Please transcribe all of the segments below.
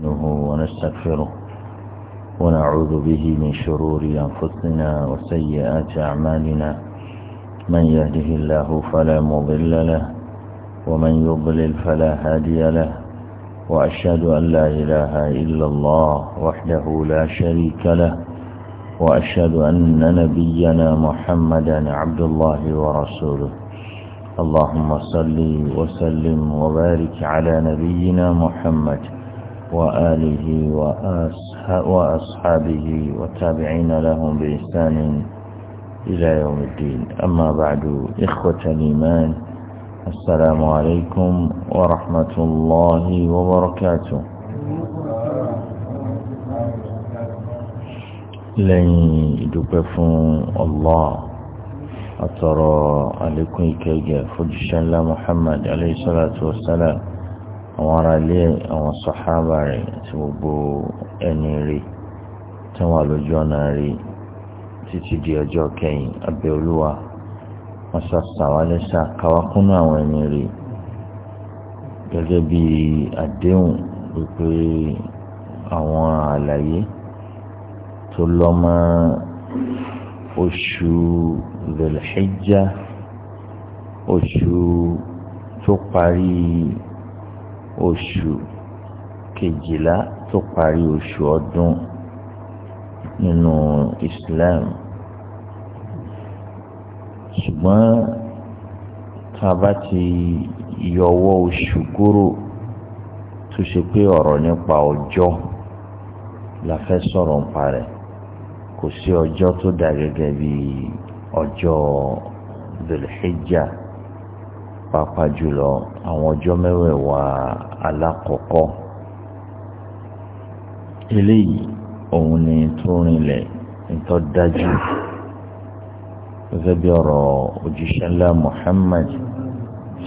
نحمده ونستغفره ونعوذ به من شرور أنفسنا وسيئات أعمالنا من يهده الله فلا مضل له ومن يضلل فلا هادي له وأشهد أن لا إله إلا الله وحده لا شريك له وأشهد أن نبينا محمدا عبد الله ورسوله اللهم صل وسلم وبارك على نبينا محمد وآله وأصحابه والتابعين لهم بإحسان إلى يوم الدين أما بعد إخوة الإيمان السلام عليكم ورحمة الله وبركاته لن يدبفون الله أترى عليكم كيجا فجشا محمد عليه الصلاة والسلام àwọn ará ilé àwọn sọ̀hábà rẹ̀ àti gbogbo ẹni rí tí wọ́n lójú ọ̀nà rí títí di ọjọ́ kẹyìn abẹ́ olúwa wọ́n ṣàṣàwálẹ́sà káwákúnú àwọn ẹni rí gẹ́gẹ́ bí àdéhùn wípé àwọn àlàyé tó lọ́mọ oṣù Dhul oṣù tó parí oṣù kejìlá tó parí oṣù ọdún nínú Islam ṣùgbọ́n tá a bá ti yọwọ́ oṣù kúrò tó ṣe pé ọ̀rọ̀ nípa ọjọ́ la fẹ́ sọ̀rọ̀ ń parẹ́ kò sí ọjọ́ tó dà gẹ́gẹ́ bí ọjọ́ Dhul pàápàá jùlọ àwọn ọjọ́ mẹ́wẹ̀ẹ̀wá alákọ̀ọ́kọ́ eléyìí òun ni tó rinlẹ̀ nítọ́ dájú gẹ́gẹ́ bí ọ̀rọ̀ òjíṣẹ́ ńlá Muhammad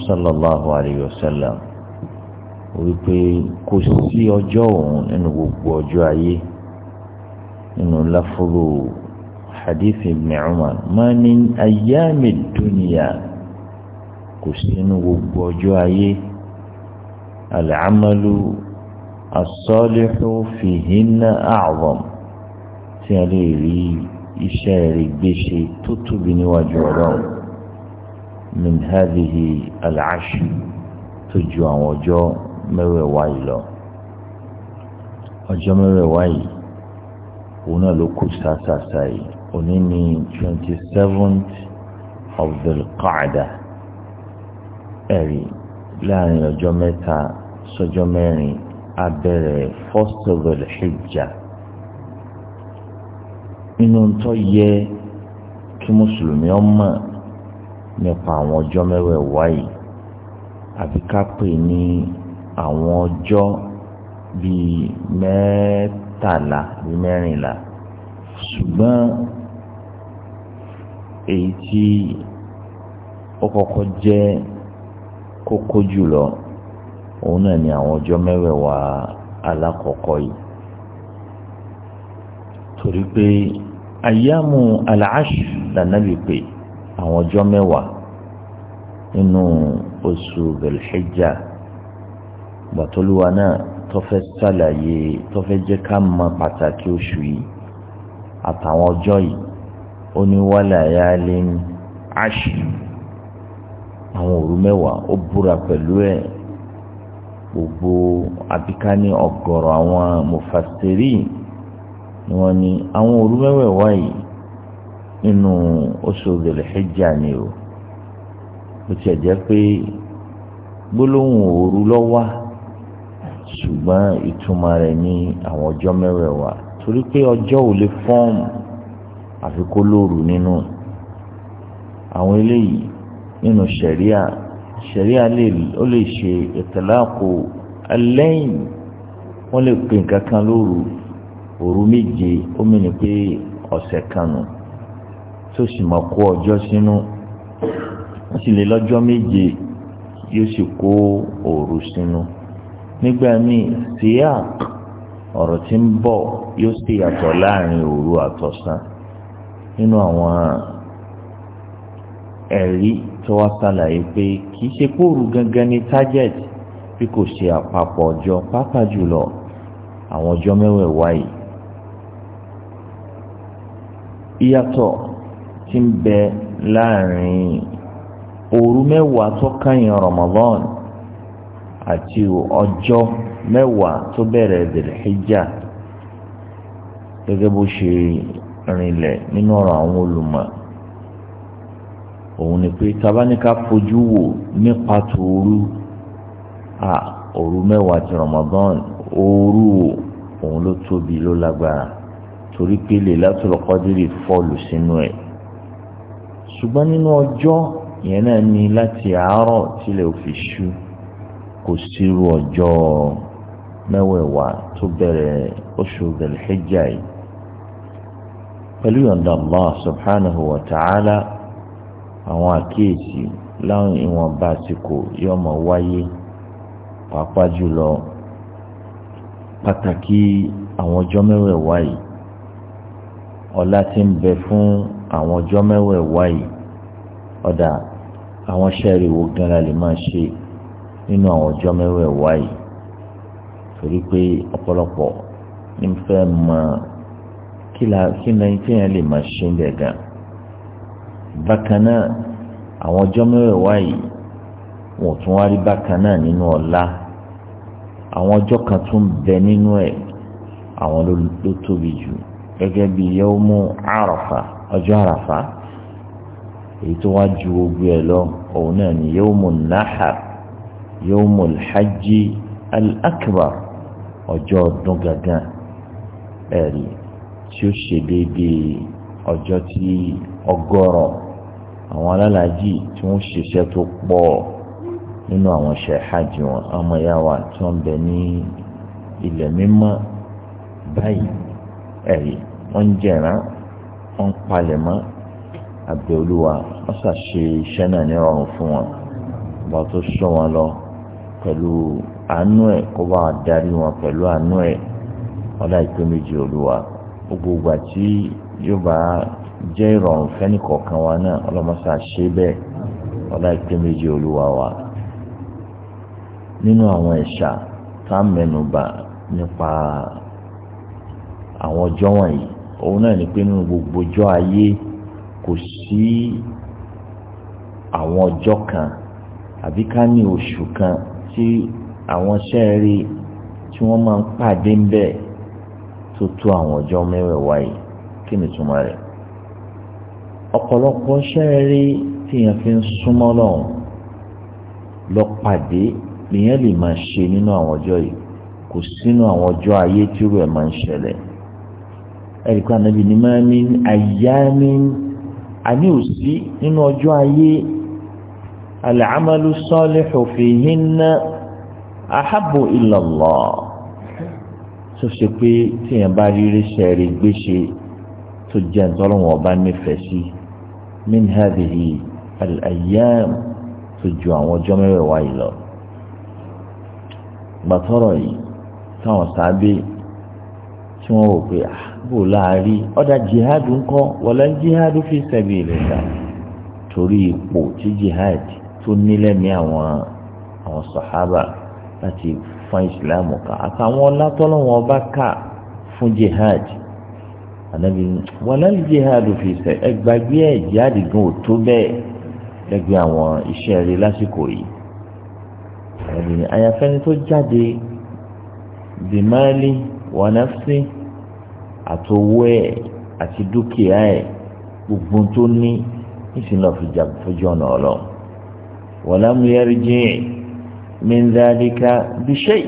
sallallahu alayhi wa sallam wípé kò sí ọjọ́ òun nínú gbogbo ọjọ́ ayé nínú láfúrò hadith ibn Umar ma min ayyamid dunya kò sí nínú gbogbo ọjọ́ ayé al-amalu as-salihu fihinna a'zam tí a lè rí iṣẹ́ rẹ̀ gbéṣe tó tóbi níwájú ọlọ́run min hadhihi al tó ju àwọn ọjọ́ mẹ́wẹ̀ẹ̀wá yìí lọ ọjọ́ mẹ́wẹ̀ẹ̀wá yìí òun náà ló kù sáàsáàsáà yìí òní ni twenty seventh of the qaada ẹ̀rí láàrin ọjọ́ mẹ́ta sọ́jọ́ mẹ́rin abẹ́rẹ́ first of all hijja nínú tó yẹ kí mùsùlùmí ọmọ nípa àwọn ọjọ́ mẹ́wẹ̀ẹ̀wá yìí àfi ká pè ní àwọn ọjọ́ bíi mẹ́tàlá bíi mẹ́rìnlá ṣùgbọ́n èyí tí ó kọ́kọ́ jẹ́ kókó jùlọ òun náà ni àwọn ọjọ́ mẹ́wẹ̀ẹ̀wá alákọ̀ọ́kọ́ yìí torí pé ayámu aláàṣù lànàbì pé àwọn ọjọ́ mẹ́wàá nínú oṣù belhijja gbàtọ́lúwa náà tọ́fẹ́ sàlàyé tọ́fẹ́ jẹ́ ká mọ̀ pàtàkì oṣù yìí àtàwọn ọjọ́ yìí ó ní wàlàyé alẹ́ ní àṣù àwọn òru mẹ́wàá ó búra pẹ̀lú ẹ̀ gbogbo àbíká ní ọ̀gọ̀rọ̀ àwọn mufasiri ni wọ́n ní àwọn òru mẹ́wẹ̀ẹ̀wá yìí nínú oṣù Dhul Hijja ni o ó tiẹ̀ jẹ́ pé gbólóhùn òru lọ́wọ́ ṣùgbọ́n ìtumọ̀ rẹ̀ ní àwọn ọjọ́ mẹ́wẹ̀ẹ̀wá torí pé ọjọ́ ò lè fọ́ọ̀mù àfikún lóru nínú àwọn eléyìí nínú ṣẹ̀ríà ṣẹ̀ríà ó lè ṣe ìtàlákò alẹ́yìn wọ́n lè pè nǹkan kan lóru òru méje ó mìíràn pé ọ̀sẹ̀ kan nù tó sì mọ̀ kó ọjọ́ sínú ó sì lè lọ́jọ́ méje yóò sì kó òru sínú nígbà míì síyàk ọ̀rọ̀ tí ń bọ̀ yóò sì yàtọ̀ láàrin òru àtọ̀sán nínú àwọn ẹ̀rí tó wá ṣàlàyé pé kì í ṣe kóòrù gangan ní target bí kò ṣe àpapọ̀ ọjọ́ pápá jùlọ àwọn ọjọ́ mẹ́wẹ̀ẹ̀wá yìí. ìyàtọ̀ ti ń bẹ láàrin òru mẹ́wàá tó kàyìn Ramadan àti ọjọ́ mẹ́wàá tó bẹ̀rẹ̀ Dhul-Hijja gẹ́gẹ́ bó ṣe rinlẹ̀ nínú ọ̀rọ̀ àwọn olùmọ̀ òun ni pé tabaníká fojú wò nípa tòru à òru mẹ́wàá ti Ramadan òru òun ló tóbi ló lágbára torí pé Laylatul Qadri fọ́ọ̀lù sínú ẹ̀ ṣùgbọ́n nínú ọjọ́ ìyẹn náà ní láti àárọ̀ tilẹ̀ òfin kò sírú ọjọ́ mẹ́wẹ̀ẹ̀wá tó bẹ̀rẹ̀ oṣù Dhul Hijjah yìí pẹ̀lú yọ̀ǹda Allah subhanahu wa ta'ala àwọn àkíyèsí láwọn ìwọ̀nba àsìkò yóò máa wáyé pàápàá jùlọ pàtàkì àwọn ọjọ́ mẹ́wẹ̀ẹ̀wá yìí ọlá tí ń bẹ fún àwọn ọjọ́ mẹ́wẹ̀ẹ̀wá yìí ọ̀dà àwọn sẹ́ẹ̀rì wo gan la lè máa ṣe nínú àwọn ọjọ́ mẹ́wẹ̀ẹ̀wá yìí torí pé ọ̀pọ̀lọpọ̀ ní fẹ́ mọ kí ni téèyàn lè máa ṣe ń bẹ̀ gan bákan náà àwọn ọjọ́ mẹ́wàá wáyìí wọn ò tún wá rí bákan náà nínú ọ̀la àwọn ọjọ́ kan tún bẹ nínú ẹ̀ àwọn ló tóbi jù gẹ́gẹ́ bí yawmu àràfà ọjọ́ àràfà èyí tó wá ju gbogbo ẹ̀ lọ òun náà ni yawmu nahar yawmu alhaji alakbar ọjọ́ ọdún gangan ẹ̀rí tí ó ṣe déédéé ọjọ́ tí ọgọ́rọ̀ àwọn alálàájì tí wọ́n ṣiṣẹ́ tó pọ̀ nínú àwọn iṣẹ́ hajj wọn ọmọ ìyá wa tí wọ́n bẹ ní ilẹ̀ mímọ́ báyìí ẹ̀rí wọ́n ń jẹ̀rán wọ́n ń palẹ̀mọ́ àbẹ̀ olúwa wọ́n ṣàṣe iṣẹ́ náà ní ọrùn fún wọn ọba tó sọ wọn lọ pẹ̀lú àánú ẹ̀ kó bá darí wọn pẹ̀lú àánú ẹ̀ ọlá ìpè méjì olúwa gbogbo ìgbà yóò bá jẹ́ ìrọ̀rùn fẹ́ni kọ̀ọ̀kan wa náà ọlọ́mọṣà ṣe bẹ́ẹ̀ ọlá ìpín méjì olúwa wa nínú àwọn ẹ̀ṣà tá mẹ́nubà nípa àwọn ọjọ́ wọ̀nyí òun náà ni pé nínú gbogbo ọjọ́ ayé kò sí àwọn ọjọ́ kan àbí ká ní oṣù kan tí àwọn sẹ́ẹ̀rí tí wọ́n máa ń pàdé ń bẹ̀ tó tó àwọn ọjọ́ mẹ́wẹ̀ẹ̀wá yìí kí ni túmọ̀ rẹ̀ ọ̀pọ̀lọpọ̀ sẹ́ẹ̀rí tíyẹn fi ń súnmọ́ lọ́hùn lọ pàdé lèyẹn lè máa ṣe nínú àwọn ọjọ́ yìí kò sínú àwọn ọjọ́ ayé tí irú ẹ̀ máa ń ṣẹlẹ̀ ẹ̀ríkọ́ ànábì ní máa ní àyámi àní òsí nínú ọjọ́ ayé al-amalu salihu fihinna ahabbu ila tó ṣe pé tíyẹn bá rí rí sẹ́ẹ̀rí gbéṣe tó jẹ́ ntọ́lọ́wọ̀n ọba nífẹ̀ẹ́ sí. Si min hadhihi al-ayyam tó ju àwọn ọjọ́ mẹ́wẹ̀ẹ̀wá yìí lọ gbàtọ́rọ̀ yìí táwọn sábẹ́ tí wọ́n wò pé ah, bò láàárí ọ̀dà jihad ńkọ́ wala jihad fi sabilillah torí ipò tí jihad tó nílẹ̀ ní àwọn àwọn sàhábà láti fún ìsìlámù ká àtàwọn ọlá tọ́lọ́wọ́n ọba ká fún jihad ànábi wàlálì jihad fi sẹ ẹgbàgbé ẹ jihad gan ò tó bẹ́ẹ̀ lẹ́gbẹ̀ẹ́ àwọn iṣẹ́ rẹ̀ lásìkò yìí ànábi àyàfẹ́ni tó jáde bimali wànàfsí àtòwó ẹ àti dúkìá ẹ gbogbo tó ní nísìnyí lọ fi fojú ọ̀nà ọlọ́run wàlámù yẹri jìn min dhalika bi shay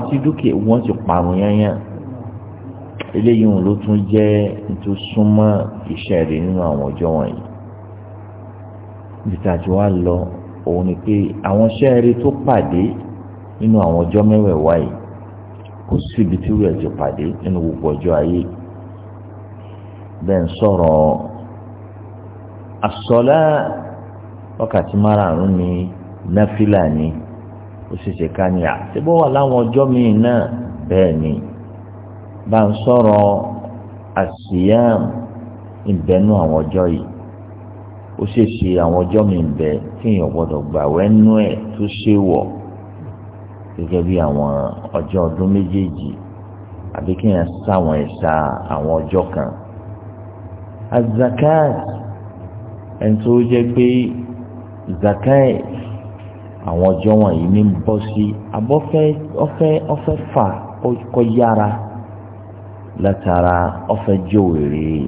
àti dúkìá wọn ti parun yányán eléyìí òun ló tún jẹ́ nítorí súnmọ́ iṣẹ́ rẹ̀ nínú àwọn ọjọ́ wọ̀nyí ìtajú wa lọ òun ni pé àwọn iṣẹ́ rẹ̀ tó pàdé nínú àwọn ọjọ́ mẹ́wẹ̀ẹ̀wá yìí kò síbi tí wíwẹ̀ ti pàdé nínú gbogbo ọjọ́ ayé bẹ́ẹ̀ ń sọ̀rọ̀ àsọlá wákàtí márààrún ni náfìlà ni ó sì ṣe ká ní à ṣé bó wà láwọn ọjọ́ míì náà bẹ́ẹ̀ ni bá ń sọ̀rọ̀ àṣìyàm ìbẹ́nu àwọn ọjọ́ yìí ó ṣe ṣe àwọn ọjọ́ mi ń bẹ kéèyàn gbọ́dọ̀ gbà wẹ́nú ẹ̀ tó ṣe wọ̀ gẹ́gẹ́ bí àwọn ọjọ́ ọdún méjèèjì àbí kéèyàn sáwọn ẹ̀sà àwọn ọjọ́ kan. azakat ẹni tó jẹ́ pé zakat àwọn ọjọ́ wọ̀nyí ní bọ́ sí abọ́fẹ́ ọfẹ́ ọfẹ́ fà kọ yára látara ọfẹ jòwèrè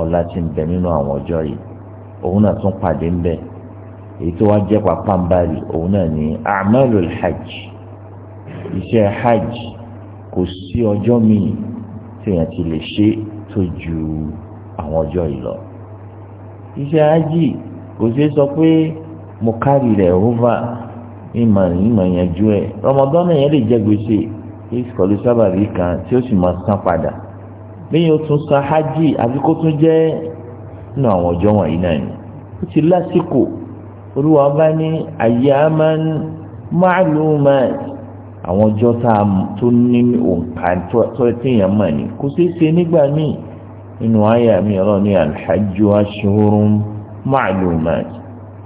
ọlá tí ń bẹ nínú àwọn ọjọ́ yìí òun náà tún pàdé ń bẹ èyí tó wá jẹ́ pàpà ń báyìí òun náà ní amalul hajj iṣẹ́ hajj kò sí ọjọ́ míì tí èèyàn ti lè ṣe tó ju àwọn ọjọ́ yìí lọ iṣẹ́ hajj kò ṣeé sọ pé mo kárì rẹ̀ over ìmọ̀ ìmọ̀ yanjú ẹ̀ rọmọdọ́nà yẹn lè jẹ́ gbèsè kí kọ̀lù sábàbí kan tí ó sì máa san padà lẹ́yìn o tún san hajj àbí kó tún jẹ́ nínú àwọn ọjọ́ wọ̀nyí náà ni ó ti lásìkò olúwa bá ní ayyaman ma'lumat àwọn ọjọ́ tá a tó ní òǹkà tó téèyàn mọ̀ ni kò ṣeé ṣe nígbà míì nínú àyà mi ọ̀rọ̀ ní alhajju ashhurun ma'lumat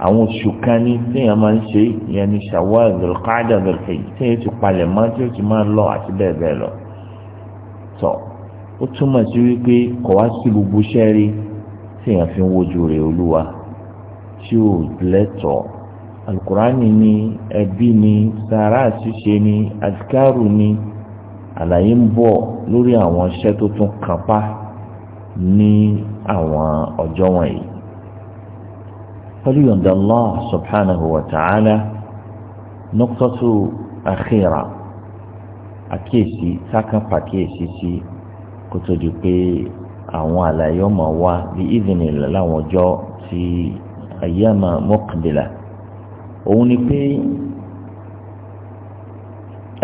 àwọn oṣù kan ní téèyàn máa ń ṣe ìyẹn ní shawwal zulqaada zulhijja téèyàn ti palẹ̀ mọ́ tí ó ti máa lọ àti bẹ́ẹ̀ bẹ́ẹ̀ lọ ó túmọ̀ sí wípé kọ̀ wá sí gbogbo iṣẹ́ rí tí èèyàn fi ń wojú rẹ̀ olúwa tí ò lẹ́tọ̀ọ́ alukurani ni ẹbí ni sàárà ṣíṣe ni azikaru ni àlàyé ń bọ̀ lórí àwọn iṣẹ́ tó tún kápá ní àwọn ọjọ́ wọ̀nyí pẹ̀lú Allah subhanahu wa ta'ala nuqtatu akhira àkíyèsí sákàpàkíyèsí sí. Si kó tó di pé àwọn àlàyé ọmọ wa bí ìdìní láwọn ọjọ́ ti ayyama muqbila òun ni pé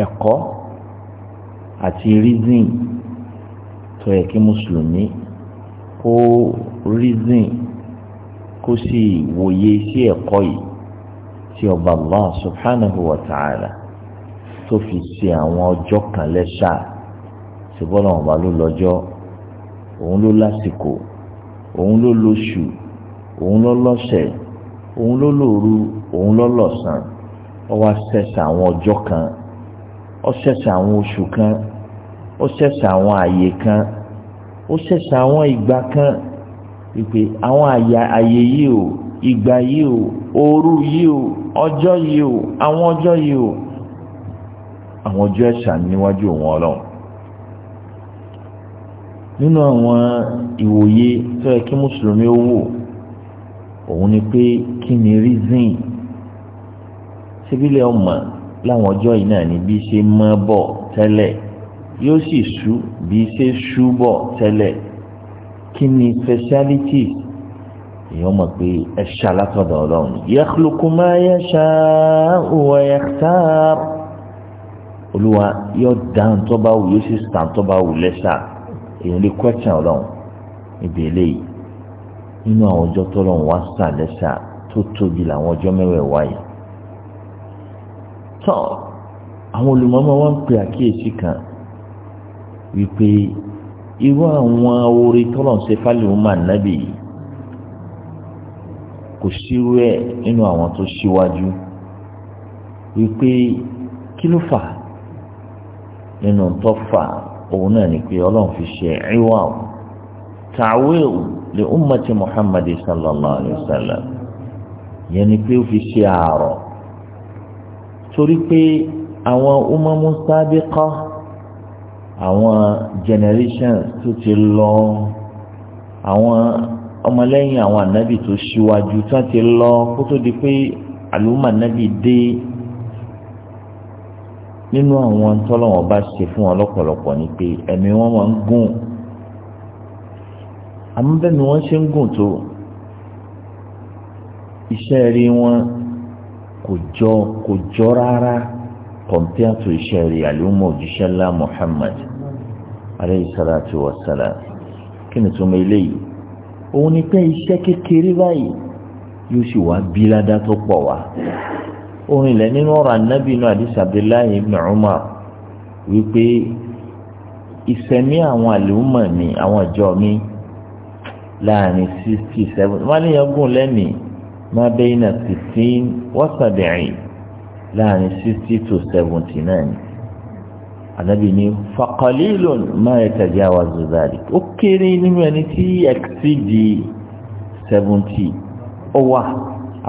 ẹ̀kọ́ àti reason tó yẹ kí mùsùlùmí kó reason kó sì wòye sí ẹ̀kọ́ yìí tí ọba Allah subhanahu wa ta'ala tó fi ṣe àwọn ọjọ́ kan lẹ́ṣáà ṣùgbọ́n ọba ló lọ́jọ́ òun ló lásìkò òun ló lóṣù òun ló lọ́sẹ̀ òun ló lóru òun ló lọ́sàn ó wá ṣẹ̀ṣẹ̀ àwọn ọjọ́ kan ó ṣẹ̀ṣẹ̀ àwọn oṣù kan ó ṣẹ̀ṣẹ̀ àwọn àyè kan ó ṣẹ̀ṣẹ̀ àwọn ìgbà kan ìpè àwọn àyè yìí o ìgbà yìí o òru yìí o ọjọ́ yìí o àwọn ọjọ́ yìí o àwọn ọjọ́ ẹ̀san níwájú òun ọlọ́run nínú àwọn ìwòye tó yẹ kí mùsùlùmí ó wò òun ni pé kí ni reason síbílẹ̀ ọmọ láwọn ọjọ́ yìí náà ni bí ṣe mọ́ bọ̀ tẹ́lẹ̀ yóò sì sú bí ṣe sú bọ̀ tẹ́lẹ̀ kí ni specialities èèyàn mọ̀ pé ẹ ṣàlàtọ̀dọ̀ ọlọ́run yakhluqu ma yasha'u wa yakhtar olúwa yóò dáhùn tó bá wù yóò sì sàn tó bá wù lẹ́sàá èèyàn lè question ọlọ́run níbi eléyìí nínú àwọn ọjọ́ tọ́lọ́run wá sà lẹ́sà tó tóbi làwọn ọjọ́ mẹ́wẹ̀ẹ̀wá yìí tán àwọn olùmọ́mọ́ wọn ń pe àkíyèsí kan wípé irú àwọn orí tọ́lọ́run ṣe fálíwọ́n máa nábì yìí kò sírú ẹ̀ nínú àwọn tó ṣíwájú wípé kí ló fà nínú tó fà á òun náà ni pé ọlọ́run fi ṣe ẹ̀wà o tàwéwù lè ummati muhammad sallallahu alayhi wa sallam yẹn ni pé ó fi ṣe àárọ̀ torí pé àwọn umamu sábẹ́kọ́ àwọn generations tó ti lọ àwọn ọmọlẹ́yìn àwọn ànábì tó ṣíwájú tó ti lọ kó tó di pé àlùmọ̀ ànábì dé nínú àwọn tọ́lọ́wọ́n bá ṣe fún wọn lọ́pọ̀lọpọ̀ ni pé ẹ̀mí wọn máa ń gùn àmúbẹ́ni wọ́n ṣe ń gùn tó iṣẹ́ rí wọn kò jọ kò jọ rárá compared iṣẹ́ rí àlùmọ̀ òjíṣẹ́ ńlá Muhammad alayhi salatu wa salam kí ni túmọ̀ eléyìí òun ni pé iṣẹ́ kékeré báyìí yóò sì wá bí ládàá tó pọ̀ wá orin ilẹ̀ nínú ọ̀rọ̀ anábì náà àdìsí abdullahi ibn umar wípé ìsẹ̀mí àwọn àlùmọ̀ mi àwọn ìjọ mi láàrin sixty seven wọ́n ní ọgùn lẹ́nìí máa bẹ́yìn náà sixteen wọ́sàdẹ̀rìn láàrin sixty to seventy nine anabi ni fakalilon máa yẹ àwọn zozari ó kéré nínú ẹni tí exceed seventy ó wà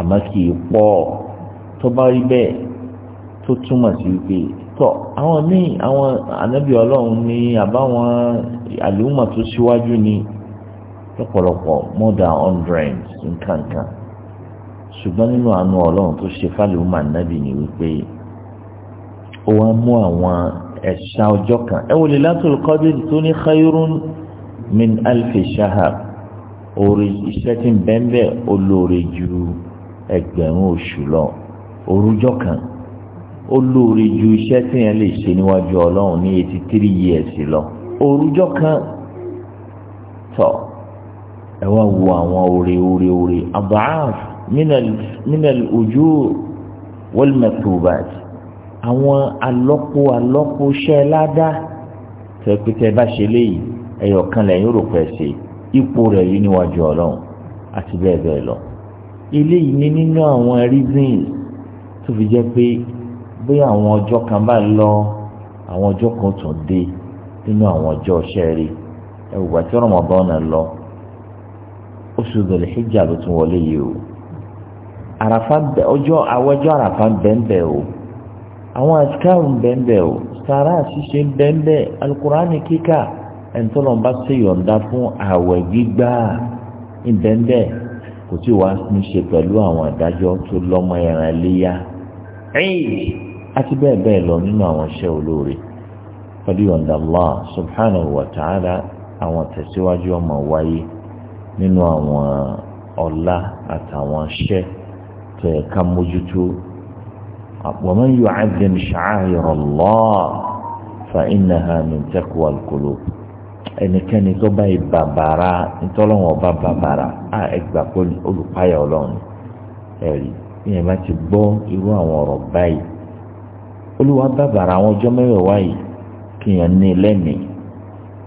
àmọ́ kì í pọ̀ ọ́ tó bá rí bẹ́ẹ̀ tó túmọ̀ sí wípé tọ́ àwọn míì àwọn ànábì ọlọ́run ní àbáwọn àlùmọ̀ tó síwájú ní lọ́pọ̀lọpọ̀ more than hundred nkankan ṣùgbọ́n nínú àánú ọlọ́run tó ṣe fálùmọ̀ ànábì ní wípé ó wá mú àwọn ẹ̀ṣá ọjọ́ kan ẹ wò lè látòlù kọ́dìrì tó ní khayrun min alfi shahab orí iṣẹ́ tí ń bẹ́ńbẹ́ olóore ju ẹgbẹ̀rún oṣù lọ òrùjọ́ kan ó lóore ju iṣẹ́ tí yẹn lè ṣe níwájú ọlọ́run ní eighty three years lọ òrùjọ́ kan tọ̀ ẹ wá wo àwọn oore oore oore abdulhaf minal ojú wọlmẹtòbàt àwọn alọ́pọ̀ alọ́pọ̀ ṣẹ́ ládàá tẹ̀pẹ́tẹ́ bá ṣe léyìí ẹ̀yọ̀ kan lẹ́yìn rò pẹ́ ṣe ipò rẹ̀ yìí níwájú ọlọ́run àti bẹ́ẹ̀ bẹ́ẹ̀ lọ eléyìí ní nínú àwọn reasons tó fi jẹ́ pé bóyá àwọn ọjọ́ kan bá lọ àwọn ọjọ́ kan tó dé nínú àwọn ọjọ́ ọ̀sẹ̀ rí ẹ wò bàtí Ramadan náà lọ oṣù Dhul Hijja ló tún wọlé yìí o àràfà bẹ ọjọ́ àwọn ọjọ́ àràfà bẹ́ẹ̀ o àwọn àtikáàrùn bẹ́ẹ̀ o sàrà àṣìṣe bẹ́ẹ̀ alukurani kíkà ẹ̀ńtọ́lọ́mbà ṣe yọ̀ǹda fún àwẹ̀ gbígbà bẹ́ẹ̀ kò tí wàá ní ṣe pẹ̀lú àwọn ìdájọ́ tó lọ́mọ ẹ̀ràn léyà ẹ̀yìn àti bẹ́ẹ̀ bẹ́ẹ̀ lọ nínú àwọn iṣẹ́ olóore pẹ̀lú ọ̀dà Allah subhanahu wa ta'ala àwọn tẹ̀síwájú ọmọ wáyé nínú àwọn ọlá àtàwọn iṣẹ́ tẹ̀ ká mójútó wa man yu'azzim sha'air Allah fa innaha min taqwa al-qulub ẹnikẹ́ni tó bá yìí bàbàrà bá bàbàrà á ẹgbàá pé olùpáyà ọlọ́run ẹ̀rí ìyẹn bá ti gbọ́ irú àwọn ọ̀rọ̀ báyìí olúwa bàbàrà àwọn ọjọ́ mẹ́wẹ̀ẹ́wá yìí kí èèyàn ní lẹ́mìí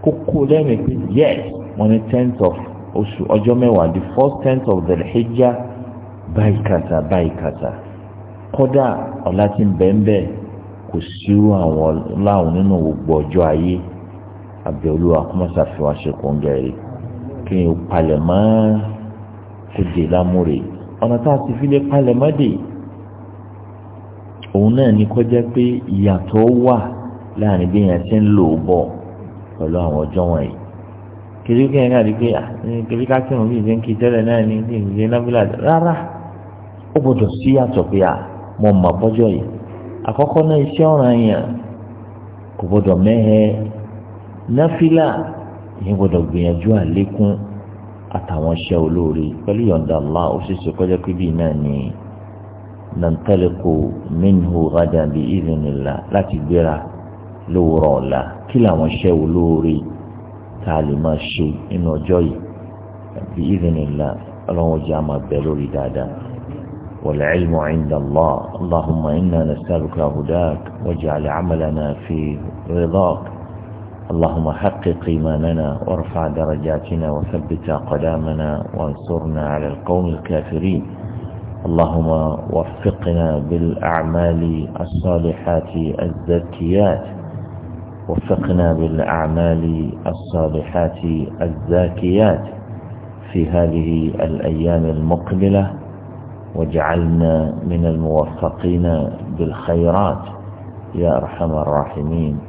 kókó lẹ́mìí pé yes wọ́n ní tenth of oṣù ọjọ́ mẹ́wàá the first tenth of the hijja báyìí kàtà báyìí kàtà kódà ọ̀la ti ń bẹ́ẹ̀ bẹ́ẹ̀ kò sírú àwọn láwọn nínú gbogbo ọjọ́ ayé àbẹ̀ olúwa kọ́mọ́sá ṣe kóńgẹ́ kí èèyàn palẹ̀ mọ́ kó dé lámúrè ọ̀nà tá a ti fi lè palẹ̀ mọ́dé òun náà ní kọjá pé ìyàtọ̀ wà láàrin bí yẹn ti ń lò ó bọ̀ pẹ̀lú àwọn ọjọ́ wọ̀nyí kiri kí ẹ̀ka di pé kiri ká kí wọn bí ìṣe ń kí tẹ́lẹ̀ náà ní kí ìṣe nábìlà rárá ó gbọdọ̀ sí yàtọ̀ pé à mọ̀ mọ̀ bọ́jọ́ yìí àkọ́kọ́ náà iṣẹ́ ọ̀ràn yẹn kò gbọdọ̀ mẹ́hẹ́ náfìlà yẹn gbọdọ̀ gbìyànjú àlékún àtàwọn iṣẹ́ olóore pẹ̀lú yọ̀ǹda Allah ó sì ṣe kọjá pé bíi náà ni nàntẹ́lẹ́kọ̀ minhu ghadan bi idhnillah láti gbéra lówùrọ̀ ọ̀la kí làwọn iṣẹ́ olóore tá a lè máa ṣe nínú ọjọ́ yìí bi idhnillah ọlọ́run ọjà máa bẹ̀ lórí dáadáa. والعلم عند الله اللهم إنا نسألك هداك واجعل عملنا في رضاك اللهم حقق إيماننا وارفع درجاتنا وثبت قدامنا وانصرنا على القوم الكافرين اللهم وفقنا بالأعمال الصالحات الزكيات وفقنا بالأعمال الصالحات الزاكيات في هذه الأيام المقبلة واجعلنا من الموفقين بالخيرات يا أرحم الراحمين